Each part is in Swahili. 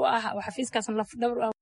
u ah lafdhabar u ah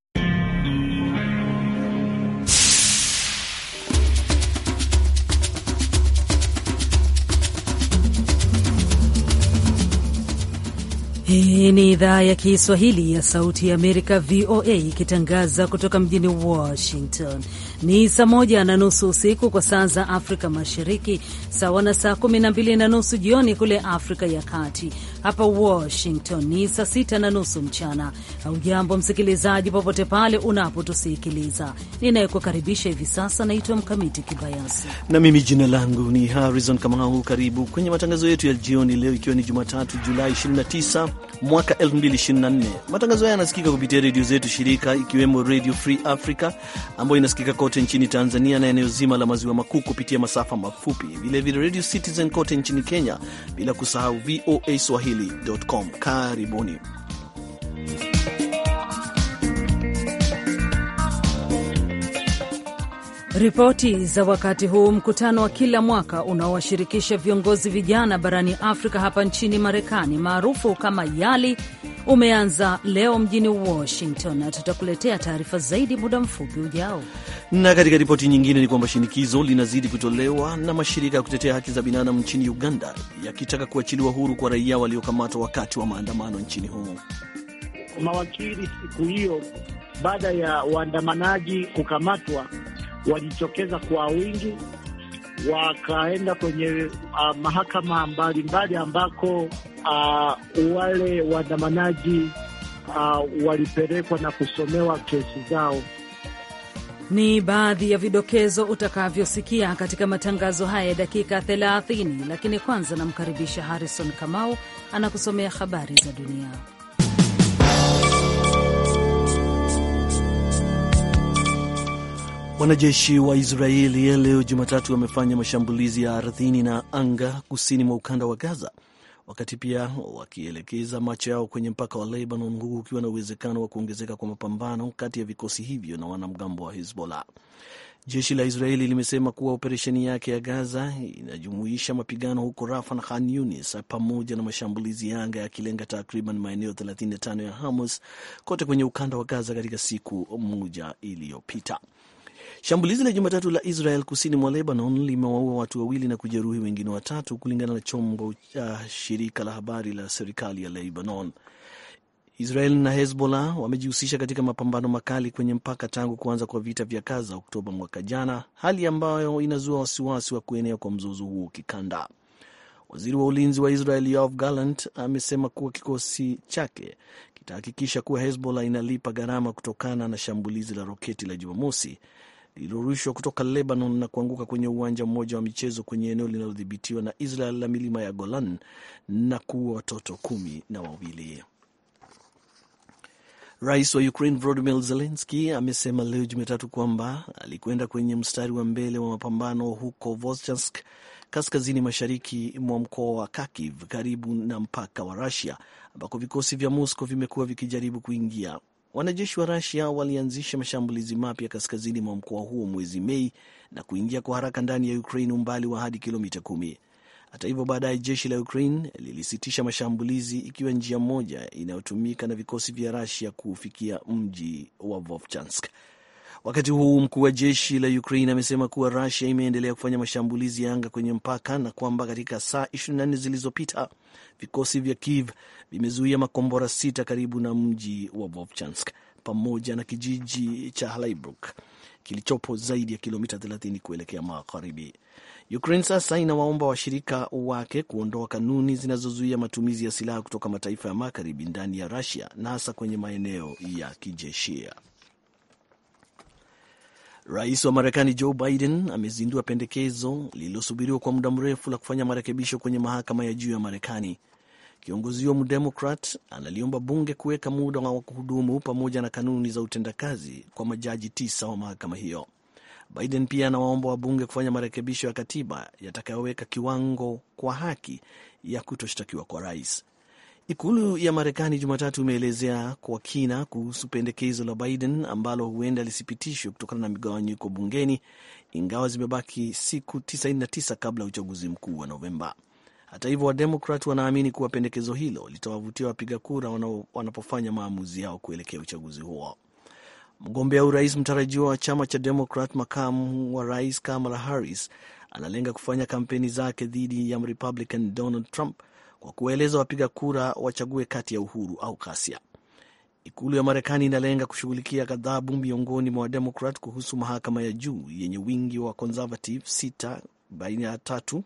Hii ni idhaa ya Kiswahili ya Sauti ya Amerika, VOA, ikitangaza kutoka mjini Washington. Ni saa moja na nusu usiku kwa saa za Afrika Mashariki, sawa na saa kumi na mbili na nusu jioni kule Afrika ya Kati. Hapa Washington ni saa sita na nusu mchana. Haujambo msikilizaji, popote pale unapotusikiliza. Ninayekukaribisha hivi sasa naitwa Mkamiti Kibayasi na mimi jina langu ni Harrison Kamau. Karibu kwenye matangazo yetu ya jioni leo, ikiwa ni Jumatatu Julai 29 mwaka 2024. Matangazo haya yanasikika kupitia redio zetu shirika, ikiwemo Radio Free Africa ambayo inasikika kwa kote nchini Tanzania na eneo zima la maziwa makuu kupitia masafa mafupi, vilevile Radio Citizen kote nchini Kenya, bila kusahau VOA swahili.com. Karibuni. Ripoti za wakati huu, mkutano wa kila mwaka unaowashirikisha viongozi vijana barani Afrika hapa nchini Marekani maarufu kama YALI umeanza leo mjini Washington na tutakuletea taarifa zaidi muda mfupi ujao. Na katika ripoti nyingine ni kwamba shinikizo linazidi kutolewa na mashirika ya kutetea haki za binadamu nchini Uganda yakitaka kuachiliwa huru kwa raia waliokamatwa wakati wa maandamano nchini humo. Mawakili siku hiyo baada ya waandamanaji kukamatwa walijitokeza kwa wingi, wakaenda kwenye uh, mahakama mbalimbali ambako uh, wale waandamanaji uh, walipelekwa na kusomewa kesi zao. Ni baadhi ya vidokezo utakavyosikia katika matangazo haya ya dakika 30, lakini kwanza namkaribisha Harrison Kamau anakusomea habari za dunia. Wanajeshi wa Israeli leo Jumatatu wamefanya mashambulizi ya ardhini na anga kusini mwa ukanda wa Gaza, wakati pia wakielekeza macho yao kwenye mpaka wa Lebanon, huku ukiwa na uwezekano wa kuongezeka kwa mapambano kati ya vikosi hivyo na wanamgambo wa Hezbollah. Jeshi la Israeli limesema kuwa operesheni yake ya Gaza inajumuisha mapigano huko Rafa na Khan Yunis pamoja na mashambulizi ya anga yakilenga takriban maeneo 35 ya Hamas kote kwenye ukanda wa Gaza katika siku moja iliyopita. Shambulizi la Jumatatu la Israel kusini mwa Lebanon limewaua watu wawili na kujeruhi wengine watatu, kulingana na chombo cha shirika la habari la serikali ya Lebanon. Israel na Hezbollah wamejihusisha katika mapambano makali kwenye mpaka tangu kuanza kwa vita vya Gaza Oktoba mwaka jana, hali ambayo inazua wasiwasi wa kuenea kwa mzozo huo kikanda. Waziri wa ulinzi wa Israel Yoav Gallant amesema kuwa kikosi chake kitahakikisha kuwa Hezbollah inalipa gharama kutokana na shambulizi la roketi la Jumamosi lililorushwa kutoka Lebanon na kuanguka kwenye uwanja mmoja wa michezo kwenye eneo linalodhibitiwa na Israel la milima ya Golan na kuua watoto kumi na wawili. Rais wa Ukraine Volodymyr Zelensky amesema leo Jumatatu kwamba alikwenda kwenye mstari wa mbele wa mapambano huko Volchansk, kaskazini mashariki mwa mkoa wa Kharkiv, karibu na mpaka wa rasia ambako vikosi vya Moscow vimekuwa vikijaribu kuingia Wanajeshi wa Rasia walianzisha mashambulizi mapya kaskazini mwa mkoa huo mwezi Mei na kuingia kwa haraka ndani ya Ukraine umbali wa hadi kilomita kumi. Hata hivyo, baadaye jeshi la Ukraine lilisitisha mashambulizi, ikiwa njia moja inayotumika na vikosi vya Rasia kuufikia mji wa Vovchansk. Wakati huu mkuu wa jeshi la Ukraine amesema kuwa Rusia imeendelea kufanya mashambulizi ya anga kwenye mpaka na kwamba katika saa 24 zilizopita vikosi vya Kiev vimezuia makombora sita karibu na mji wa Vovchansk pamoja na kijiji cha Halaibuk kilichopo zaidi ya kilomita 30 kuelekea magharibi. Ukraine sasa inawaomba washirika wake kuondoa kanuni zinazozuia matumizi ya silaha kutoka mataifa ya magharibi ndani ya Rusia na hasa kwenye maeneo ya kijeshia Rais wa Marekani Joe Biden amezindua pendekezo lililosubiriwa kwa muda mrefu la kufanya marekebisho kwenye mahakama ya juu ya Marekani. Kiongozi huyo mdemokrat analiomba bunge kuweka muda wa kuhudumu pamoja na kanuni za utendakazi kwa majaji tisa wa mahakama hiyo. Biden pia anawaomba wabunge kufanya marekebisho ya katiba yatakayoweka kiwango kwa haki ya kutoshtakiwa kwa rais. Ikulu ya Marekani Jumatatu imeelezea kwa kina kuhusu pendekezo la Biden ambalo huenda lisipitishwe kutokana na migawanyiko bungeni, ingawa zimebaki siku 99 kabla ya uchaguzi mkuu wa Novemba. Hata hivyo, Wademokrat wanaamini kuwa pendekezo hilo litawavutia wapiga kura wanapofanya maamuzi yao kuelekea uchaguzi huo. Mgombea urais mtarajiwa wa chama cha Demokrat, makamu wa rais Kamala Harris analenga kufanya kampeni zake dhidi ya Mrepublican Donald Trump kwa kuwaeleza wapiga kura wachague kati ya uhuru au ghasia. Ikulu ya Marekani inalenga kushughulikia ghadhabu miongoni mwa Wademokrat kuhusu mahakama ya juu yenye wingi wa Conservative sita baina ya tatu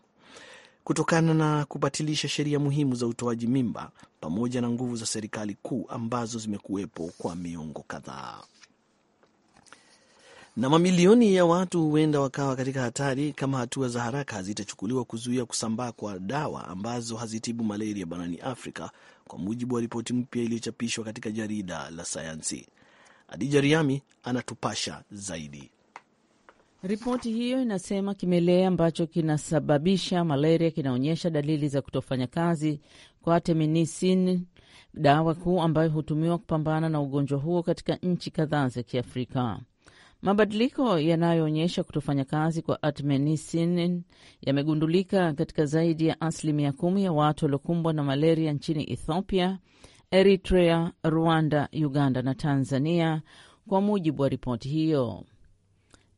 kutokana na kubatilisha sheria muhimu za utoaji mimba pamoja na nguvu za serikali kuu ambazo zimekuwepo kwa miongo kadhaa na mamilioni ya watu huenda wakawa katika hatari kama hatua za haraka hazitachukuliwa kuzuia kusambaa kwa dawa ambazo hazitibu malaria barani Afrika, kwa mujibu wa ripoti mpya iliyochapishwa katika jarida la sayansi. Adija Riami anatupasha zaidi. Ripoti hiyo inasema kimelea ambacho kinasababisha malaria kinaonyesha dalili za kutofanya kazi kwa artemisinin, dawa kuu ambayo hutumiwa kupambana na ugonjwa huo katika nchi kadhaa za Kiafrika. Mabadiliko yanayoonyesha kutofanya kazi kwa artemisinin yamegundulika katika zaidi ya asilimia kumi ya watu waliokumbwa na malaria nchini Ethiopia, Eritrea, Rwanda, Uganda na Tanzania, kwa mujibu wa ripoti hiyo.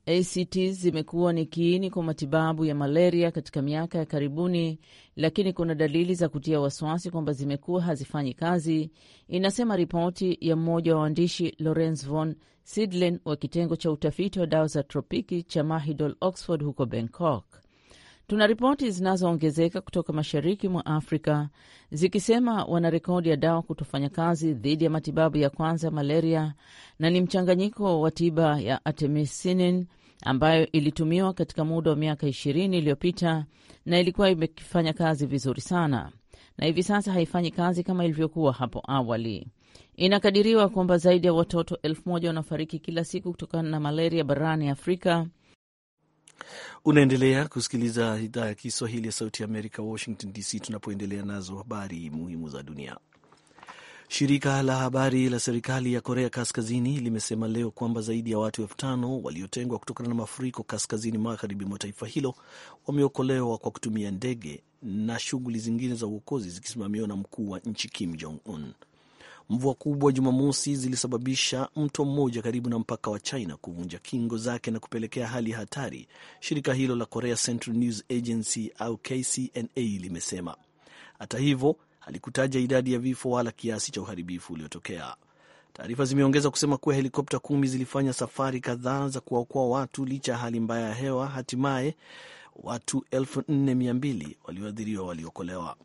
ACT zimekuwa ni kiini kwa matibabu ya malaria katika miaka ya karibuni, lakini kuna dalili za kutia wasiwasi kwamba zimekuwa hazifanyi kazi, inasema ripoti ya mmoja wa waandishi Lawrence Von Sidlen wa kitengo cha utafiti wa dawa za tropiki cha Mahidol Oxford huko Bangkok. Tuna ripoti zinazoongezeka kutoka mashariki mwa Afrika zikisema wana rekodi ya dawa kutofanya kazi dhidi ya matibabu ya kwanza ya malaria, na ni mchanganyiko wa tiba ya artemisinin ambayo ilitumiwa katika muda wa miaka ishirini iliyopita na ilikuwa imefanya kazi vizuri sana, na hivi sasa haifanyi kazi kama ilivyokuwa hapo awali. Inakadiriwa kwamba zaidi ya watoto elfu moja wanafariki kila siku kutokana na malaria barani Afrika. Unaendelea kusikiliza idhaa ya Kiswahili ya Sauti ya Amerika, Washington DC, tunapoendelea nazo habari muhimu za dunia. Shirika la habari la serikali ya Korea Kaskazini limesema leo kwamba zaidi ya watu elfu tano waliotengwa kutokana na mafuriko kaskazini magharibi mwa taifa hilo wameokolewa kwa kutumia ndege na shughuli zingine za uokozi zikisimamiwa na mkuu wa nchi Kim Jong Un. Mvua kubwa Jumamosi zilisababisha mto mmoja karibu na mpaka wa China kuvunja kingo zake na kupelekea hali ya hatari, shirika hilo la Korea Central News Agency au KCNA limesema. Hata hivyo, halikutaja idadi ya vifo wala kiasi cha uharibifu uliotokea. Taarifa zimeongeza kusema kuwa helikopta kumi zilifanya safari kadhaa za kuwaokoa watu licha ya hali mbaya ya hewa. Hatimaye watu 42 walioathiriwa waliokolewa.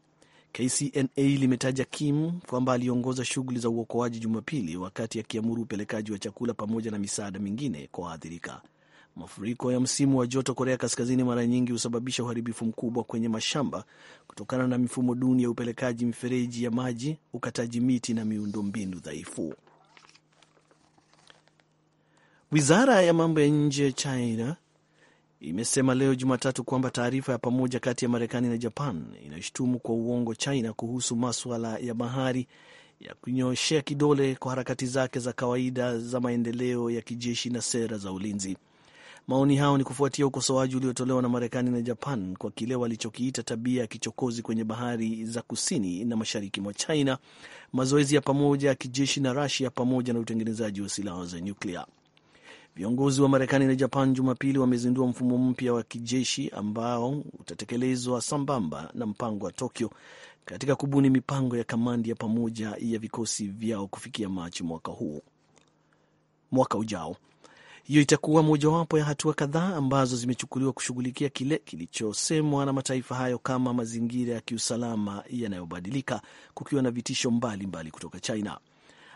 KCNA limetaja Kim kwamba aliongoza shughuli za uokoaji Jumapili wakati akiamuru upelekaji wa chakula pamoja na misaada mingine kwa waathirika. Mafuriko ya msimu wa joto Korea Kaskazini mara nyingi husababisha uharibifu mkubwa kwenye mashamba kutokana na mifumo duni ya upelekaji, mifereji ya maji, ukataji miti na miundo mbinu dhaifu. Wizara ya mambo ya nje ya China imesema leo Jumatatu kwamba taarifa ya pamoja kati ya Marekani na Japan inashutumu kwa uongo China kuhusu maswala ya bahari ya kunyoshea kidole kwa harakati zake za kawaida za maendeleo ya kijeshi na sera za ulinzi. Maoni hayo ni kufuatia ukosoaji uliotolewa na Marekani na Japan kwa kile walichokiita tabia ya kichokozi kwenye bahari za kusini na mashariki mwa China, mazoezi ya pamoja ya kijeshi na Rasia pamoja na utengenezaji wa silaha za nyuklia. Viongozi wa Marekani na Japan Jumapili wamezindua mfumo mpya wa kijeshi ambao utatekelezwa sambamba na mpango wa Tokyo katika kubuni mipango ya kamandi ya pamoja ya vikosi vyao kufikia Machi mwaka huu mwaka ujao. Hiyo itakuwa mojawapo ya hatua kadhaa ambazo zimechukuliwa kushughulikia kile kilichosemwa na mataifa hayo kama mazingira ya kiusalama yanayobadilika, kukiwa na vitisho mbalimbali mbali kutoka China.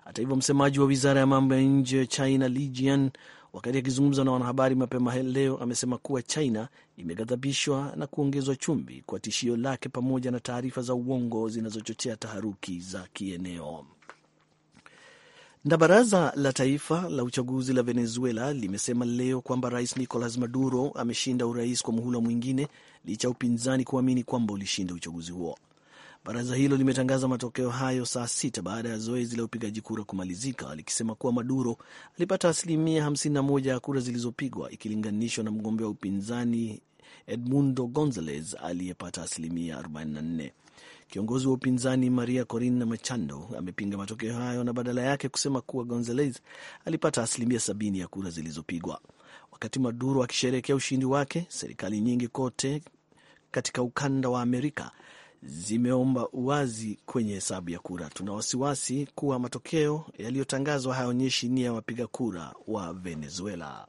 Hata hivyo, msemaji wa wizara ya mambo ya nje China Lijian Wakati akizungumza na wanahabari mapema leo, amesema kuwa China imeghadhabishwa na kuongezwa chumvi kwa tishio lake pamoja na taarifa za uongo zinazochochea taharuki za kieneo. Na baraza la taifa la uchaguzi la Venezuela limesema leo kwamba rais Nicolas Maduro ameshinda urais kwa muhula mwingine licha ya upinzani kuamini kwamba ulishinda uchaguzi huo. Baraza hilo limetangaza matokeo hayo saa sita baada ya zoezi la upigaji kura kumalizika, likisema kuwa Maduro alipata asilimia 51 ya kura zilizopigwa ikilinganishwa na mgombea wa upinzani Edmundo Gonzalez aliyepata asilimia 44. Kiongozi wa upinzani Maria Corina Machado amepinga matokeo hayo na badala yake kusema kuwa Gonzalez alipata asilimia 70 ya kura zilizopigwa. Wakati Maduro akisherehekea ushindi wake, serikali nyingi kote katika ukanda wa Amerika zimeomba uwazi kwenye hesabu ya kura. Tuna wasiwasi kuwa matokeo yaliyotangazwa hayaonyeshi nia ya wapiga kura wa Venezuela.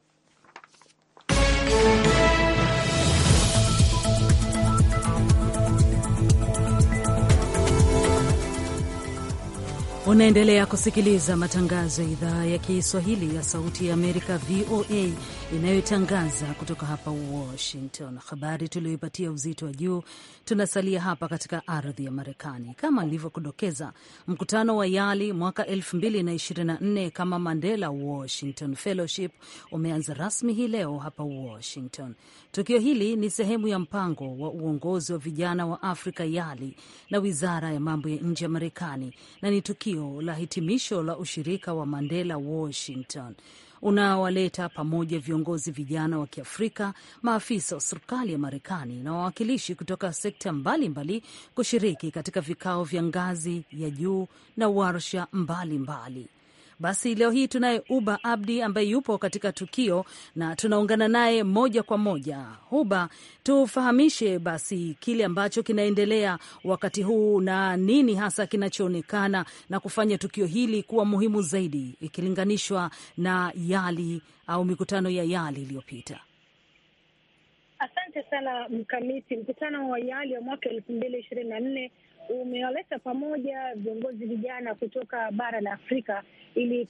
Unaendelea kusikiliza matangazo ya idhaa ya Kiswahili ya Sauti ya Amerika, VOA inayotangaza kutoka hapa Washington. Habari tuliyoipatia uzito wa juu, tunasalia hapa katika ardhi ya Marekani. Kama alivyokudokeza, mkutano wa YALI mwaka 2024 kama Mandela Washington Fellowship umeanza rasmi hii leo hapa Washington. Tukio hili ni sehemu ya mpango wa uongozi wa vijana wa Afrika YALI na wizara ya mambo ya nje ya Marekani, na ni tukio la hitimisho la ushirika wa Mandela Washington unaowaleta pamoja viongozi vijana wa Kiafrika, maafisa wa serikali ya Marekani na wawakilishi kutoka sekta mbalimbali kushiriki katika vikao vya ngazi ya juu na warsha mbalimbali. Basi leo hii tunaye Uba Abdi ambaye yupo katika tukio na tunaungana naye moja kwa moja. Uba, tufahamishe basi kile ambacho kinaendelea wakati huu na nini hasa kinachoonekana na kufanya tukio hili kuwa muhimu zaidi ikilinganishwa na YALI au mikutano ya YALI iliyopita. Asante sana Mkamiti. Mkutano wa YALI wa mwaka elfu mbili ishirini na nne umewaleta pamoja viongozi vijana kutoka bara la Afrika ili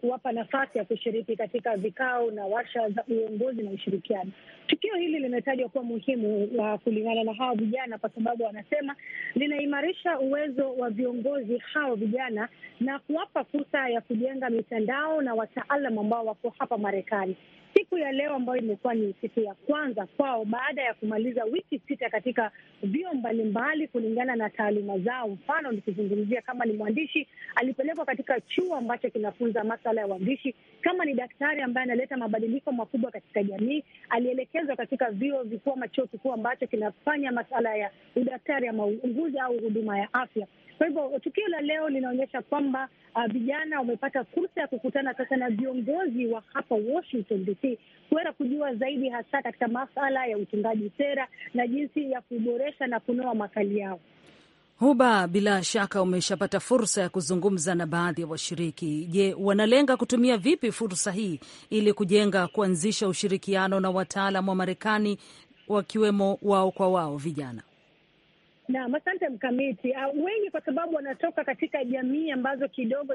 kuwapa nafasi ya kushiriki katika vikao na warsha za uongozi na ushirikiano. Tukio hili limetajwa kuwa muhimu uh, kulingana na hawa vijana, kwa sababu wanasema linaimarisha uwezo wa viongozi hao vijana na kuwapa fursa ya kujenga mitandao na wataalam ambao wako hapa Marekani siku ya leo ambayo imekuwa ni siku ya kwanza kwao baada ya kumaliza wiki sita katika vyuo mbalimbali kulingana na taaluma zao. Mfano, nikizungumzia kama ni mwandishi, alipelekwa katika chuo ambacho kinafunza masala ya uandishi. Kama ni daktari ambaye analeta mabadiliko makubwa katika jamii, alielekezwa katika vyuo vikuu ama chuo kikuu ambacho kinafanya masala ya udaktari ama uuguzi au huduma ya afya. Kwa hivyo tukio la leo linaonyesha kwamba uh, vijana uh, wamepata fursa ya kukutana sasa na viongozi wa hapa Washington DC kuweza kujua zaidi, hasa katika masala ya utungaji sera na jinsi ya kuboresha na kunoa makali yao. Huba, bila shaka umeshapata fursa ya kuzungumza na baadhi ya wa washiriki. Je, wanalenga kutumia vipi fursa hii ili kujenga, kuanzisha ushirikiano na wataalam wa Marekani wakiwemo wao kwa wao vijana? Naam, asante mkamiti. Uh, wengi kwa sababu wanatoka katika jamii ambazo kidogo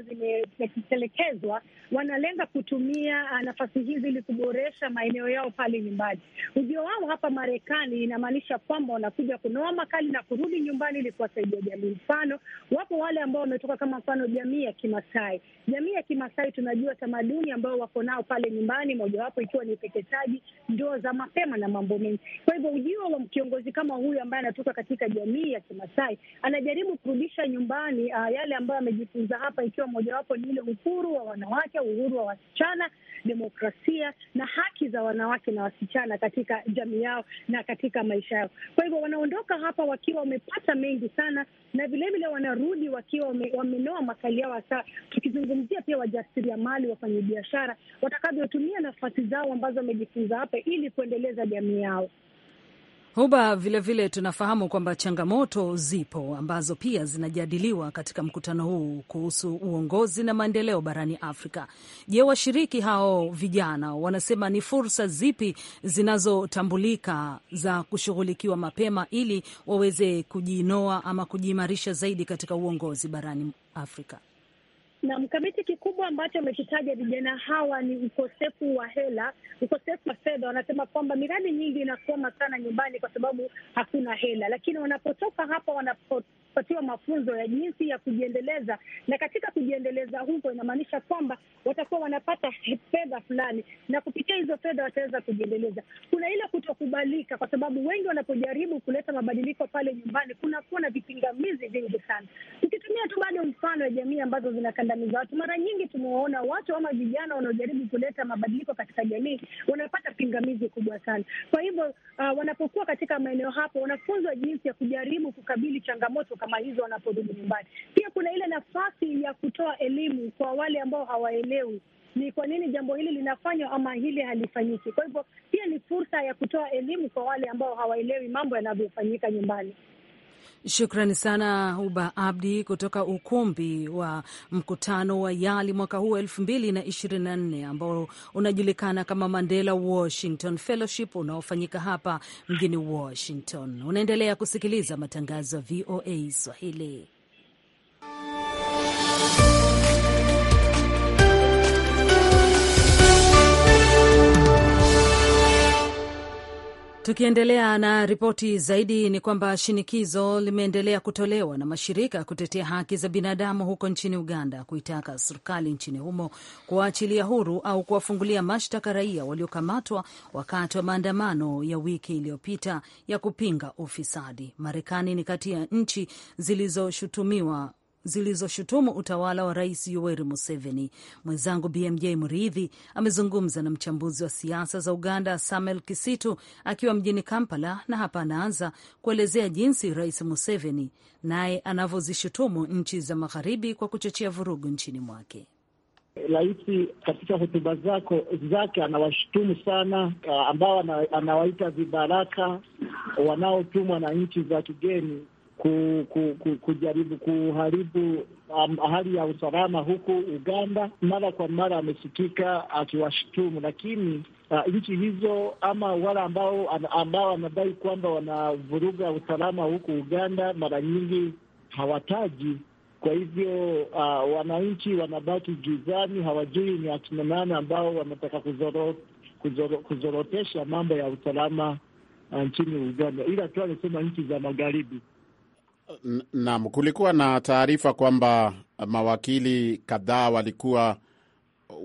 zimetelekezwa, wanalenga kutumia uh, nafasi hizi ili kuboresha maeneo yao pale nyumbani. Ujio wao hapa Marekani inamaanisha kwamba wanakuja kunoa makali na kurudi nyumbani ili kuwasaidia jamii. Mfano, wapo wale ambao wametoka kama mfano jamii ya Kimasai. Jamii ya Kimasai tunajua tamaduni ambao wako nao pale nyumbani, mojawapo ikiwa ni upeketaji, ndoa za mapema na mambo mengi. Kwa hivyo ujio wa kiongozi kama huyu ambaye anatoka katika jamii jamii ya Kimasai anajaribu kurudisha nyumbani uh, yale ambayo amejifunza hapa, ikiwa mojawapo ni ile uhuru wa wanawake, uhuru wa wasichana, demokrasia na haki za wanawake na wasichana katika jamii yao na katika maisha yao. Kwa hivyo wanaondoka hapa wakiwa wamepata mengi sana, na vilevile wanarudi wakiwa wamenoa makali yao, hasa tukizungumzia pia wajasiriamali, wafanyabiashara watakavyotumia nafasi zao ambazo wamejifunza hapa ili kuendeleza jamii yao. Huba, vilevile vile tunafahamu kwamba changamoto zipo ambazo pia zinajadiliwa katika mkutano huu kuhusu uongozi na maendeleo barani Afrika. Je, washiriki hao vijana wanasema ni fursa zipi zinazotambulika za kushughulikiwa mapema ili waweze kujiinoa ama kujiimarisha zaidi katika uongozi barani Afrika? na mkamiti kikubwa ambacho amekitaja vijana hawa ni ukosefu wa hela, ukosefu wa fedha. Wanasema kwamba miradi nyingi inakwama sana nyumbani kwa sababu hakuna hela, lakini wanapotoka hapa wanapopatiwa mafunzo ya jinsi ya kujiendeleza, na katika kujiendeleza huko inamaanisha kwamba watakuwa wanapata fedha fulani, na kupitia hizo fedha wataweza kujiendeleza. Kuna ile kutokubalika, kwa sababu wengi wanapojaribu kuleta mabadiliko pale nyumbani kunakuwa na vipingamizi vingi sana. Tukitumia tu bado mfano ya jamii ambazo zina kukandamiza watu. Mara nyingi tumewaona watu ama vijana wanaojaribu kuleta mabadiliko katika jamii wanapata pingamizi kubwa sana. Kwa hivyo uh, wanapokuwa katika maeneo hapo wanafunzwa jinsi ya kujaribu kukabili changamoto kama hizo wanaporudi nyumbani. Pia kuna ile nafasi ya kutoa elimu kwa wale ambao hawaelewi ni kwa nini jambo hili linafanywa ama hili halifanyiki. Kwa hivyo pia ni fursa ya kutoa elimu kwa wale ambao hawaelewi mambo yanavyofanyika nyumbani. Shukrani sana Uba Abdi kutoka ukumbi wa mkutano wa YALI mwaka huu elfu mbili na ishirini na nne ambao unajulikana kama Mandela Washington Fellowship unaofanyika hapa mjini Washington. Unaendelea kusikiliza matangazo ya VOA Swahili. Tukiendelea na ripoti zaidi ni kwamba shinikizo limeendelea kutolewa na mashirika ya kutetea haki za binadamu huko nchini Uganda kuitaka serikali nchini humo kuwaachilia huru au kuwafungulia mashtaka raia waliokamatwa wakati wa maandamano ya wiki iliyopita ya kupinga ufisadi. Marekani ni kati ya nchi zilizoshutumiwa zilizoshutumu utawala wa Rais Yoweri Museveni. Mwenzangu BMJ Mridhi amezungumza na mchambuzi wa siasa za Uganda Samuel Kisitu akiwa mjini Kampala, na hapa anaanza kuelezea jinsi Rais Museveni naye anavyozishutumu nchi za Magharibi kwa kuchochea vurugu nchini mwake. Raisi katika hotuba zako zake anawashutumu sana uh, ambao anawaita vibaraka wanaotumwa na nchi za kigeni ku, ku, ku, kujaribu kuharibu um, hali ya usalama huku Uganda. Mara kwa mara amesikika akiwashutumu, lakini uh, nchi hizo ama wale ambao ambao wanadai kwamba wanavuruga usalama huku Uganda mara nyingi hawataji. Kwa hivyo uh, wananchi wanabaki gizani, hawajui ni akina nani ambao wanataka kuzoro, kuzoro, kuzorotesha mambo ya usalama uh, nchini Uganda, ila tu anasema nchi za magharibi Naam, kulikuwa na taarifa kwamba mawakili kadhaa walikuwa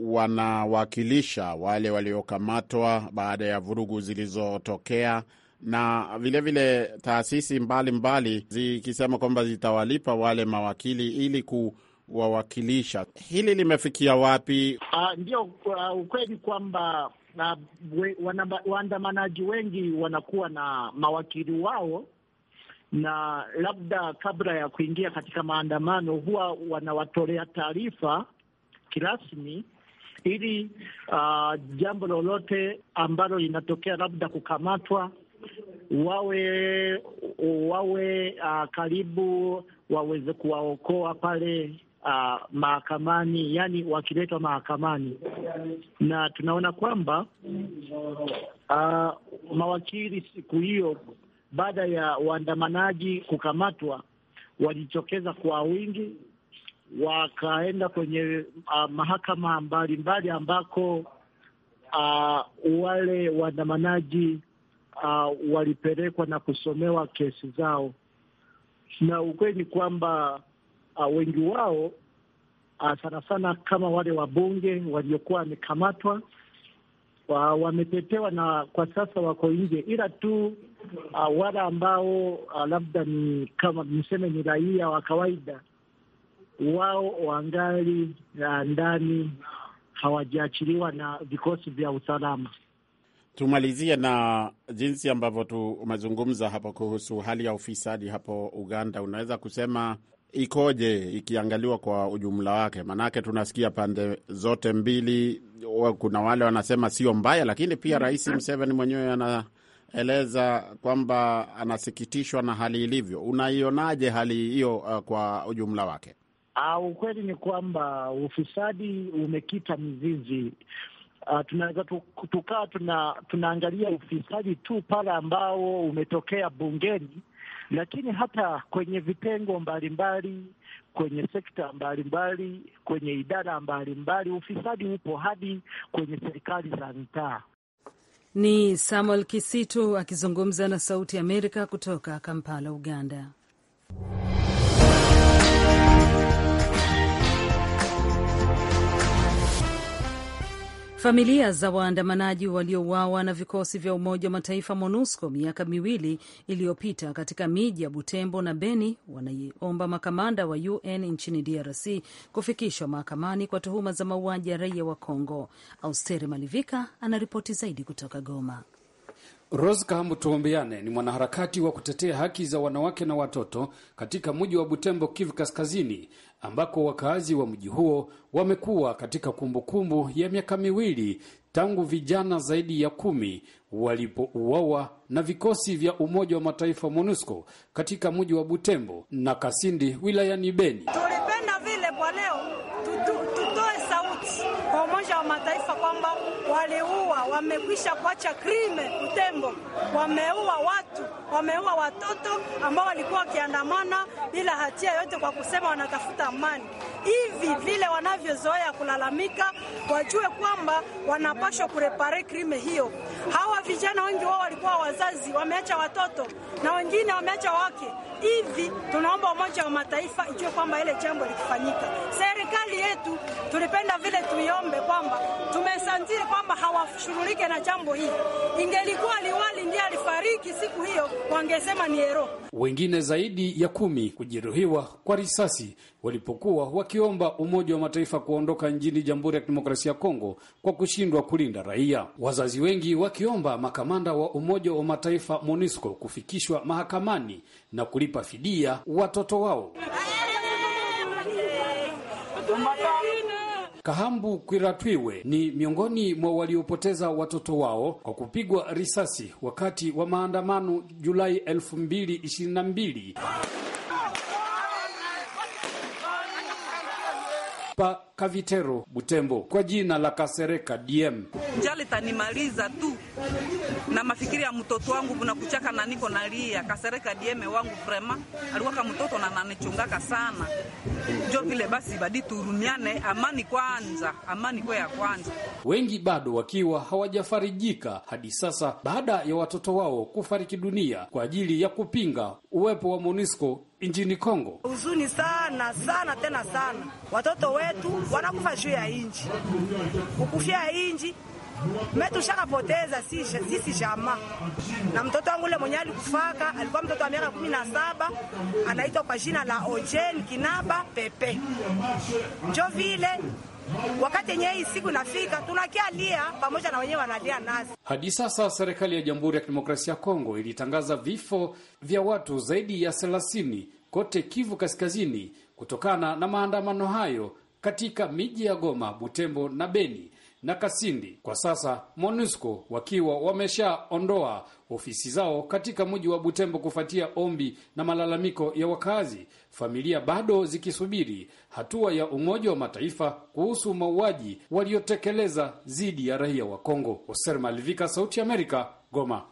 wanawakilisha wale waliokamatwa baada ya vurugu zilizotokea na vilevile vile taasisi mbalimbali zikisema kwamba zitawalipa wale mawakili ili kuwawakilisha. Hili limefikia wapi? Uh, ndio uh, ukweli kwamba uh, waandamanaji wengi wanakuwa na mawakili wao na labda kabla ya kuingia katika maandamano huwa wanawatolea taarifa kirasmi ili uh, jambo lolote ambalo linatokea labda kukamatwa wawe wawe uh, karibu waweze kuwaokoa pale uh, mahakamani, yani wakiletwa mahakamani, na tunaona kwamba uh, mawakili siku hiyo baada ya waandamanaji kukamatwa, walijitokeza kwa wingi, wakaenda kwenye uh, mahakama mbalimbali ambako uh, wale waandamanaji uh, walipelekwa na kusomewa kesi zao, na ukweli ni kwamba uh, wengi wao uh, sana sana kama wale wabunge waliokuwa wamekamatwa wametetewa na kwa sasa wako nje, ila tu uh, wale ambao uh, labda ni kama niseme ni raia wa kawaida, wao wangali uh, ndani hawajaachiliwa na vikosi vya usalama. Tumalizie na jinsi ambavyo tumezungumza hapo kuhusu hali ya ufisadi hapo Uganda, unaweza kusema ikoje ikiangaliwa kwa ujumla wake? Maanake tunasikia pande zote mbili, kuna wale wanasema sio mbaya, lakini pia Rais Museveni mwenyewe ana eleza kwamba anasikitishwa na hali ilivyo. Unaionaje hali hiyo uh, kwa ujumla wake? Uh, ukweli ni kwamba ufisadi umekita mizizi. Uh, tunaweza tukaa tuna, tunaangalia ufisadi tu pale ambao umetokea bungeni, lakini hata kwenye vitengo mbalimbali, kwenye sekta mbalimbali, kwenye idara mbalimbali, ufisadi upo hadi kwenye serikali za mitaa. Ni Samuel Kisitu akizungumza na Sauti Amerika kutoka Kampala, Uganda. Familia za waandamanaji waliouawa na vikosi vya Umoja wa Mataifa MONUSCO miaka miwili iliyopita katika miji ya Butembo na Beni wanaiomba makamanda wa UN nchini DRC kufikishwa mahakamani kwa tuhuma za mauaji ya raia wa congo Austeri Malivika anaripoti zaidi kutoka Goma. Rose Kahambutuombeane ni mwanaharakati wa kutetea haki za wanawake na watoto katika mji wa Butembo, Kivu Kaskazini, ambako wakaazi wa mji huo wamekuwa katika kumbukumbu kumbu ya miaka miwili tangu vijana zaidi ya kumi walipouawa na vikosi vya Umoja wa Mataifa MONUSCO katika mji wa Butembo na Kasindi wilayani Beni. waliua, wamekwisha kuacha krime utembo wameua watu, wameua watoto ambao walikuwa wakiandamana bila hatia yote, kwa kusema wanatafuta amani. Hivi vile wanavyozoea kulalamika, wajue kwamba wanapashwa kurepare krime hiyo. Hawa vijana wengi wao walikuwa wazazi, wameacha watoto na wengine wameacha wake. Hivi tunaomba Umoja wa Mataifa ijue kwamba ile jambo likifanyika serikali yetu tulipenda vile tuiombe kwamba tumesantiri kwamba hawashughulike na jambo hili. Ingelikuwa liwali ndiye alifariki siku hiyo, wangesema ni ero. Wengine zaidi ya kumi kujeruhiwa kwa risasi walipokuwa wakiomba Umoja wa Mataifa kuondoka nchini Jamhuri ya Kidemokrasia ya Kongo kwa kushindwa kulinda raia, wazazi wengi wakiomba makamanda wa Umoja wa Mataifa MONUSCO kufikishwa mahakamani na kulipa fidia watoto wao. Kahambu Kwiratwiwe ni miongoni mwa waliopoteza watoto wao kwa kupigwa risasi wakati wa maandamano Julai 2022. Pa Kavitero, Butembo, kwa jina la Kasereka DM. Njali tanimaliza tu na mafikiri ya mtoto wangu kunakuchaka na niko nalia. Kasereka DM wangu prema aliwaka mtoto na nanichungaka sana njo vile basi, badi turumiane, amani kwanza, amani kwa ya kwanza. Wengi bado wakiwa hawajafarijika hadi sasa baada ya watoto wao kufariki dunia kwa ajili ya kupinga uwepo wa MONUSCO nchini Kongo. Huzuni sana sana tena sana, watoto wetu wanakufa juu ya inji, ukufia ya inji metushakapoteza sisi jama na mtoto wangu ule mwenye alikufaka alikuwa mtoto wa miaka kumi na saba anaitwa kwa jina la Ojen Kinaba Pepe. Njo vile wakati yenye hii siku inafika tunakialia pamoja na wenyewe wanalia nasi. Hadi sasa serikali ya Jamhuri ya Kidemokrasia ya Kongo ilitangaza vifo vya watu zaidi ya thelathini kote Kivu Kaskazini kutokana na maandamano hayo katika miji ya Goma, Butembo na Beni na Kasindi. Kwa sasa MONUSCO wakiwa wameshaondoa ofisi zao katika mji wa Butembo kufuatia ombi na malalamiko ya wakazi, familia bado zikisubiri hatua ya Umoja wa Mataifa kuhusu mauaji waliotekeleza dhidi ya raia wa Kongo. Oser Malivika, Sauti ya Amerika, Goma.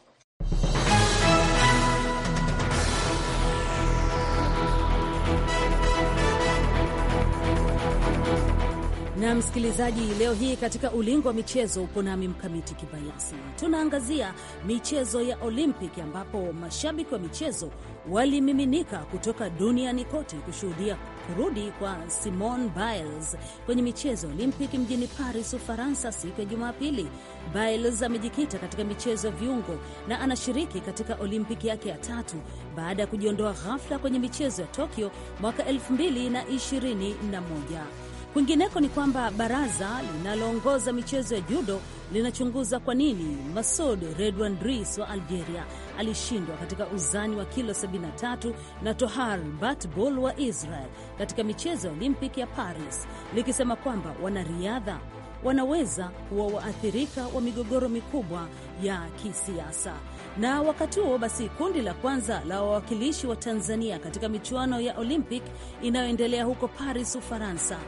na msikilizaji, leo hii katika ulingo wa michezo upo nami Mkamiti Kibayasi. Tunaangazia michezo ya Olimpiki ambapo mashabiki wa michezo walimiminika kutoka duniani kote kushuhudia kurudi kwa Simone Biles kwenye michezo ya Olimpiki mjini Paris, Ufaransa, siku ya Jumapili. Biles amejikita katika michezo ya viungo na anashiriki katika Olimpiki yake ya tatu baada ya kujiondoa ghafla kwenye michezo ya Tokyo mwaka 2021. Kwingineko ni kwamba baraza linaloongoza michezo ya judo linachunguza kwa nini Masud Redwan Dris wa Algeria alishindwa katika uzani wa kilo 73 na Tohar Batbol wa Israel katika michezo ya Olimpiki ya Paris, likisema kwamba wanariadha wanaweza kuwa waathirika wa migogoro mikubwa ya kisiasa. Na wakati huo basi, kundi la kwanza la wawakilishi wa Tanzania katika michuano ya Olympic inayoendelea huko Paris, Ufaransa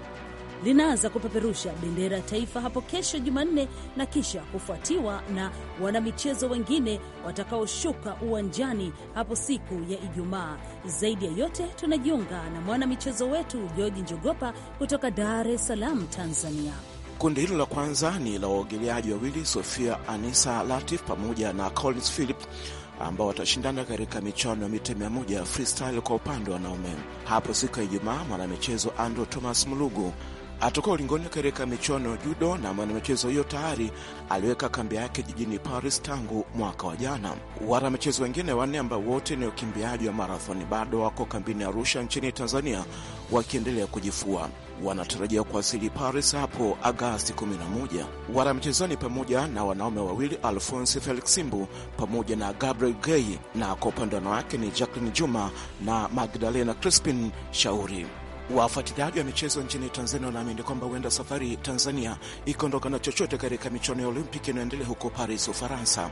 linaanza kupeperusha bendera ya taifa hapo kesho Jumanne, na kisha kufuatiwa na wanamichezo wengine watakaoshuka uwanjani hapo siku ya Ijumaa. Zaidi ya yote, tunajiunga na mwanamichezo wetu George Njogopa kutoka Dar es Salaam, Tanzania. Kundi hilo la kwanza ni la waogeleaji wawili Sofia Anisa Latif pamoja na Collins Philip ambao watashindana katika michuano ya mita ya freestyle kwa upande wa wanaume hapo siku ya Ijumaa. Mwanamichezo Andrew Thomas Mlugu Atoka ulingoni katika michuano ya judo na mwanamichezo hiyo tayari aliweka kambi yake jijini Paris tangu mwaka wa jana. Wanamichezo wengine wanne ambao wote ni wakimbiaji wa marathoni bado wako kambini Arusha nchini Tanzania wakiendelea kujifua. Wanatarajia kuwasili Paris hapo Agasti 11. Wanamichezo ni pamoja na wanaume wawili alfonsi Felix Simbu pamoja na Gabriel Gay, na kwa upande wanawake ni Jacqueline Juma na Magdalena Crispin Shauri. Wafuatiliaji wa michezo nchini Tanzania wanaamini kwamba huenda safari Tanzania ikiondoka na chochote katika michuano ya Olimpiki inayoendelea huko Paris, Ufaransa.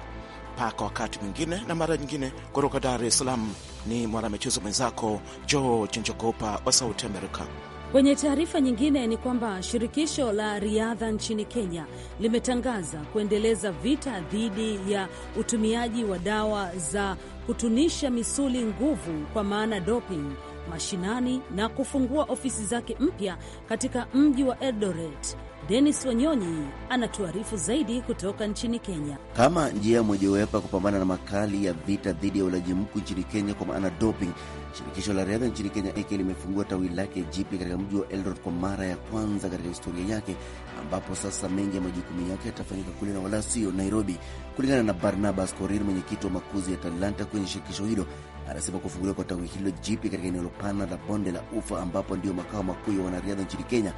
Mpaka wakati mwingine na mara nyingine, kutoka Dar es Salaam ni mwanamichezo mwenzako George Njogopa wa Sauti Amerika. Kwenye taarifa nyingine ni kwamba shirikisho la riadha nchini Kenya limetangaza kuendeleza vita dhidi ya utumiaji wa dawa za kutunisha misuli nguvu, kwa maana doping mashinani na kufungua ofisi zake mpya katika mji wa Eldoret. Denis Wanyonyi anatuarifu zaidi kutoka nchini Kenya. Kama njia mojawapo ya kupambana na makali ya vita dhidi ya ulaji mku nchini Kenya kwa maana doping, shirikisho la riadha nchini Kenya AK limefungua tawi lake jipya katika mji wa Eldoret kwa mara ya kwanza katika historia yake, ambapo sasa mengi ya majukumu yake yatafanyika kule na wala sio Nairobi, kulingana na Barnabas Korir, mwenyekiti wa makuzi ya talanta kwenye shirikisho hilo anasema kufunguliwa kwa tawi hilo jipya katika eneo pana la bonde la Ufa, ambapo ndio makao makuu ya wanariadha nchini Kenya,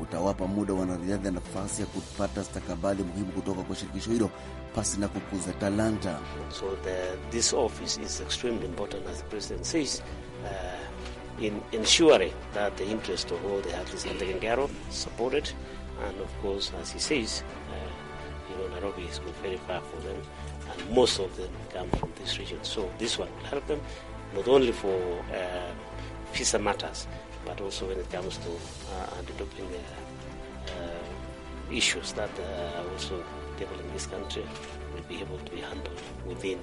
utawapa muda wanariadha nafasi ya kupata stakabadhi muhimu kutoka kwa shirikisho hilo pasi na kukuza talanta. So the, this office is extremely important as the president says, uh, in ensuring that the interest of all the athletes in the Kenya are supported and of course as he says, uh, You know, Nairobi is very far for them, and most of them come from this region. So this one will help them not only for uh, visa matters, but also when it comes to uh, developing uh, uh, issues that uh, also people in this country will be able to be handled within.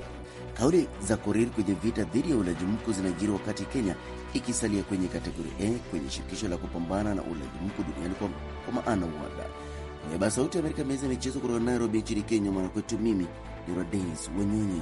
Kauli za Korir kwenye vita dhidi ya ulaji mkuu zinajiri wakati Kenya ikisalia kwenye kategori A kwenye shirikisho la kupambana na ulaji mkuu duniani kwa maana UADA. Kwa niaba ya Sauti ya Amerika, meza ya michezo kutoka Nairobi nchini Kenya, mwanakwetu mimi ni Radays Wenyonyi.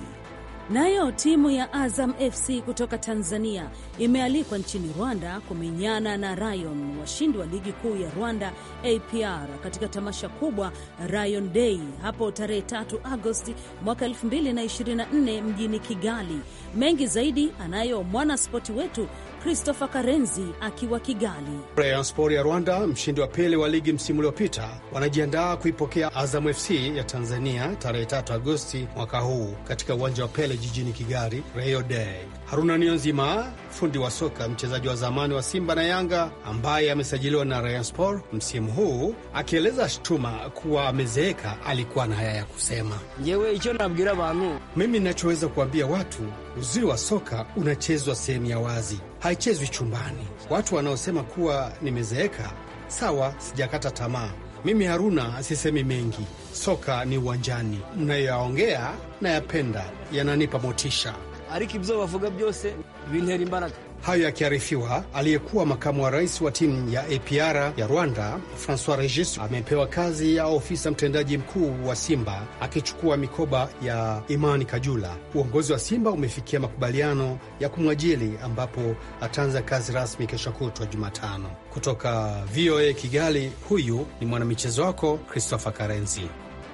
Nayo timu ya Azam FC kutoka Tanzania imealikwa nchini Rwanda kumenyana na Rayon, washindi wa ligi kuu ya Rwanda APR, katika tamasha kubwa Rayon Day hapo tarehe 3 Agosti mwaka 2024 mjini Kigali, Mengi zaidi anayo mwanaspoti wetu Christopher Karenzi akiwa Kigali. Rayanspori ya Rwanda, mshindi wa pili wa ligi msimu uliopita, wanajiandaa kuipokea Azam FC ya Tanzania tarehe 3 Agosti mwaka huu katika uwanja wa Pele jijini Kigali, Rayon Day. Haruna Niyonzima fundi wa soka, mchezaji wa zamani wa Simba na Yanga ambaye amesajiliwa na Rayon Sport msimu huu, akieleza shtuma kuwa amezeeka, alikuwa na haya ya kusema: jewe icho nabwira vanu, mimi ninachoweza kuambia watu, uzuri wa soka unachezwa sehemu ya wazi, haichezwi chumbani. Watu wanaosema kuwa nimezeeka, sawa, sijakata tamaa. Mimi Haruna sisemi mengi, soka ni uwanjani. Mnayoyaongea nayapenda, yananipa motisha ariko ibyo bavuga byose bintera imbaraga. Hayo yakiarifiwa, aliyekuwa makamu wa rais wa timu ya APR ya Rwanda Francois Regis amepewa kazi ya ofisa mtendaji mkuu wa Simba akichukua mikoba ya Imani Kajula. Uongozi wa Simba umefikia makubaliano ya kumwajili ambapo ataanza kazi rasmi kesho kutwa Jumatano. Kutoka VOA Kigali, huyu ni mwanamichezo wako Christopher Karenzi.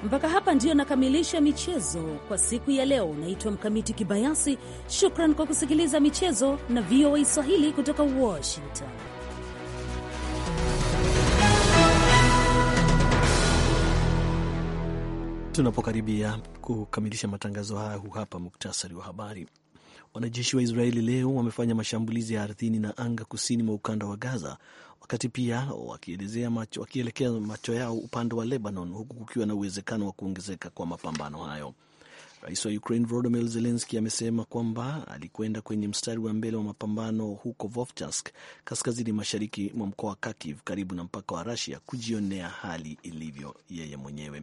Mpaka hapa ndiyo nakamilisha michezo kwa siku ya leo. Naitwa Mkamiti Kibayasi. Shukran kwa kusikiliza michezo na VOA Swahili kutoka Washington. Tunapokaribia kukamilisha matangazo haya, hu hapa muktasari wa habari. Wanajeshi wa Israeli leo wamefanya mashambulizi ya ardhini na anga kusini mwa ukanda wa Gaza wakati pia wakielekea macho, wakielekea macho yao upande wa Lebanon, huku kukiwa na uwezekano wa kuongezeka kwa mapambano hayo. Rais wa Ukraine Volodymyr Zelensky amesema kwamba alikwenda kwenye mstari wa mbele wa mapambano huko Vovchansk, kaskazini mashariki mwa mkoa wa Kharkiv, karibu na mpaka wa Russia, kujionea hali ilivyo yeye mwenyewe.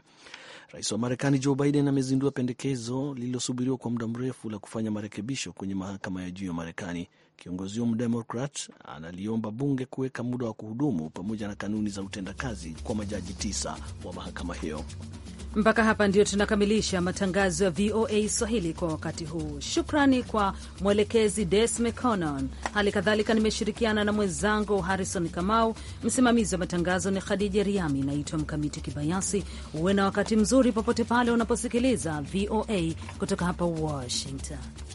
Rais wa Marekani Joe Biden amezindua pendekezo lililosubiriwa kwa muda mrefu la kufanya marekebisho kwenye mahakama ya juu ya Marekani. Kiongozi huyo mdemokrat analiomba bunge kuweka muda wa kuhudumu pamoja na kanuni za utendakazi kwa majaji tisa wa mahakama hiyo. Mpaka hapa ndio tunakamilisha matangazo ya VOA Swahili kwa wakati huu. Shukrani kwa mwelekezi Des McConon, Hali kadhalika nimeshirikiana na mwenzangu Harrison Kamau. Msimamizi wa matangazo ni Khadija Riami. Naitwa Mkamiti Kibayasi. Uwe na wakati mzuri nzuri popote pale unaposikiliza VOA kutoka hapa Washington.